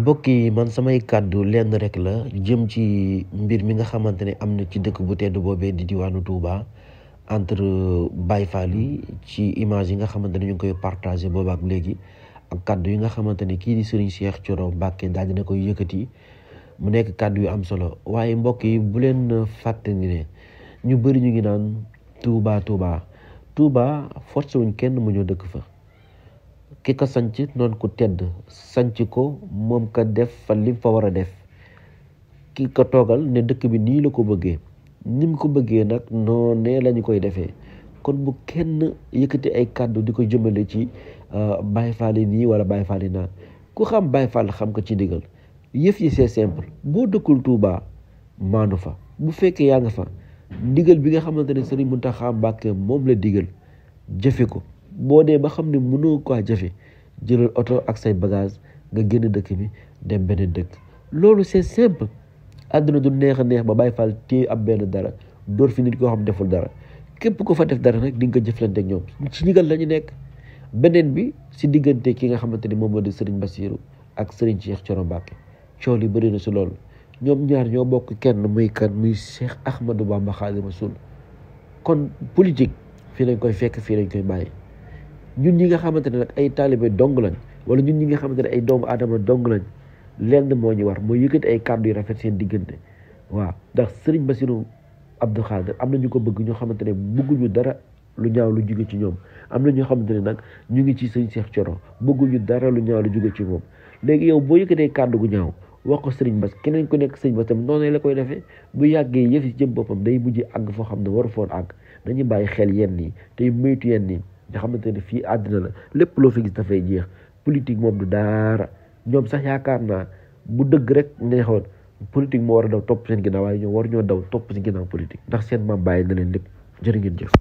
mbokk yi man samay kàddu lenn rek la jëm ci mbir mi nga xamante ne am na ci dëkk bu du boobee di diwaanu Touba entre Baye Fall yi ci image yi nga xamante ne ñu ngi koy partagé boobaak léegi ak kàddu yi nga xamante ne kii di Serigne Cheikh Thioro Mbacké daal koy yëkkati mu nekk kàddu yu am solo waaye mbokk yi bu leen fàtte ñu bëri ñu ngi naan Touba Touba Touba forcé wuñ kenn mu ñëw dëkk fa. ki ko sanc noonu ku tedd sanc ko moom ka def fa lim fa war a def ki ka toogal ne dëkk bi nii la ko bëggee ni mu ko bëggee nag noonee lañu koy defee kon bu kenn yëkkati ay kàddu di ko jëmale ci euh, Baye Fall yi nii wala Baye Fall naa ku xam Baye Fall xam ko ci diggal yëf yi c'est simple boo dëkkul Touba maanu fa bu fekkee yaa nga fa ndigal bi nga xamante ne Serigne Mountakha Mbacké moom la digal jëfe ko boo dee ba xam ne mënoo koo jafe jëlal oto ak say bagage nga génn dëkk bi dem beneen dëkk loolu c'est simple àdduna du neex a neex ba bàyyi fa téye am benn dara door fi nit koo xam deful dara képp ko fa def dara nag di nga ko jëflante ak ñoom ci ndigal la ñu nekk beneen bi si diggante ki nga xamante ni moom moo di Serigne Bassirou ak Serigne seex Thioro Mbacké coow li bëri na si loolu ñoom ñaar ñoo bokk kenn muy kan muy Cheikh Ahmadou Bamba Khadimu Rasul kon politique fii lañ koy fekk fii lañ koy bàyyi. ñun ñi nga xamante ne nag ay taalibe dong lañ wala ñun ñi nga xamante ne ay doomu aadama dong lañ lenn moo ñu war mooy yëkkati ay kàddu yu rafet seen diggante waaw ndax sëriñ Bassirou Abdou Khadre am na ñu ko bëgg ñoo xamante ne bëgguñu dara lu ñaaw lu jóge ci ñoom am na ñoo xamante ne nag ñu ngi ci sëñ Cheikh Thioro bëgguñu dara lu ñaaw lu jóge ci moom léegi yow boo yëkkatee kàddu gu ñaaw wax ko sëriñ Bass keneen ku nekk sëriñ Bass tam noonu la koy defee bu yàggee yëf ci jëm boppam day mujj àgg foo xam ne waru foon àgg dañuy bàyyi xel yenn yi tey moytu yenn yi nga xamante ne fii àddina la lépp loo fi gis dafay jeex politique moom du daara ñoom sax yaakaar naa bu dëgg rek neexoon politique moo war a daw topp seen ginnaaw waaye ñoom war ñoo daw topp seen ginnaaw politique ndax seen ma bàyyi na leen lépp jërë ngeen jëf